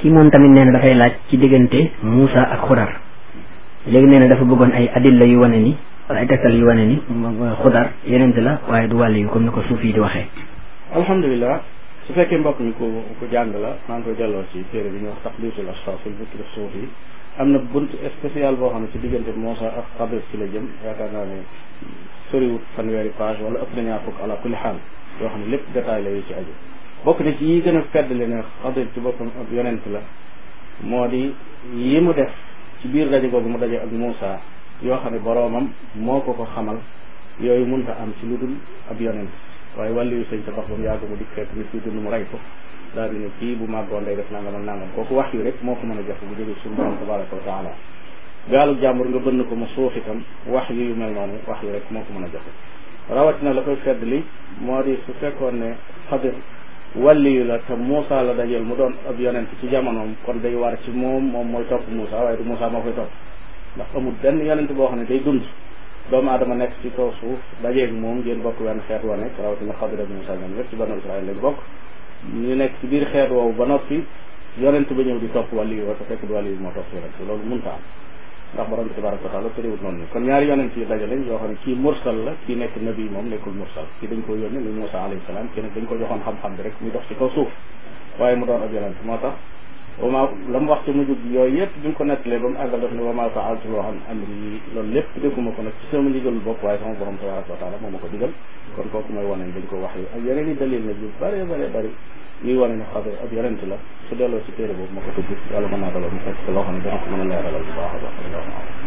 kii moom tamit nee na dafay laaj ci diggante Moussa ak Xudar léegi nee na dafa bëggoon ay adilla yu wane ni wala ay tegtal yu wane ni Xudar yenent la waaye du wàll yu comme ni ko suuf di waxee alhamdulilah su fekkee mbokk mi ku ku jàng la maa ngi koy delloo ci téere bi ñu wax taqdisul ashxaas fil fikr suufi am na bunt spécial boo xam ne ci diggante Moussa ak Xadir ci la jëm yaakaar naa ne soriwut fanweeri page wala ëpp na ñaar fukk ala kulli xaal yoo xam ne lépp détail la bokk na ci yi gën a xadir ci boppam ak yonent la moo di yi mu def ci biir daje boobu mu daje ak Muusa yoo xam ne boroomam moo ko ko xamal yooyu munta am ci lu dul ab yonent waaye wàllu yu sëñ sa dox ba mu yàgg mu dikk fekk nit mu rey ko daal ne kii bu màggoon day def nangam ak nangam kooku wax yu rek moo ko mën a jox bu jóge suñu borom tabaraka wa taala gaalu jàmbur nga bënn ko mu suuf itam wax yu mel noonu wax yu rek moo ko mën a joxe rawatina la koy ne xadir wàlliyu la te Moussa la dajal mu doon ab yonent ci jamonoom kon day war ci moom moom mooy topp Moussa waaye du Moussa moo koy topp ndax amul benn yonent boo xam ne day dund doomu aadama nekk ci kaw suuf dajeeg moom ngeen bokk wenn xeet wa nekk rawatina xabila Moussa ñoom ñëpp ci banu Israël lañ bokk ñu nekk ci biir xeet woowu ba noppi yonent ba ñëw di topp wàlliyu wa te fekk du wàlliyu moo topp yonent loolu munta am ndax borom bi tabaraka wa taala terewul noonu ni kon ñaari yonent yi daje lañ yoo xam ne kii mursal la kii nekk nabi moom nekkul mursal kii dañ ko yónni muy Moussa alayhi salaam kii nag dañ ko joxoon xam-xam bi rek muy dox ci kaw suuf waaye mu doon ab yonent moo tax wama la mu wax ci mujj gi yëpp bi mu ko nettalee ba mu àggal daf ne wama faaltuloo am amri yi loolu lépp dégguma ko nag ci sama ndigalul bopp waaye sama borom tabaraka wa ma ko digal kon kooku mooy wane ne ko wax yi ak dalil nag yu bëree bëree bëri yuy wane ne xadir ab yonent la su delloo si téere boobu ma ko tudd yàlla mën naa dogal mu fekk loo xam ne dana ko mën a leeralal bu baax a baax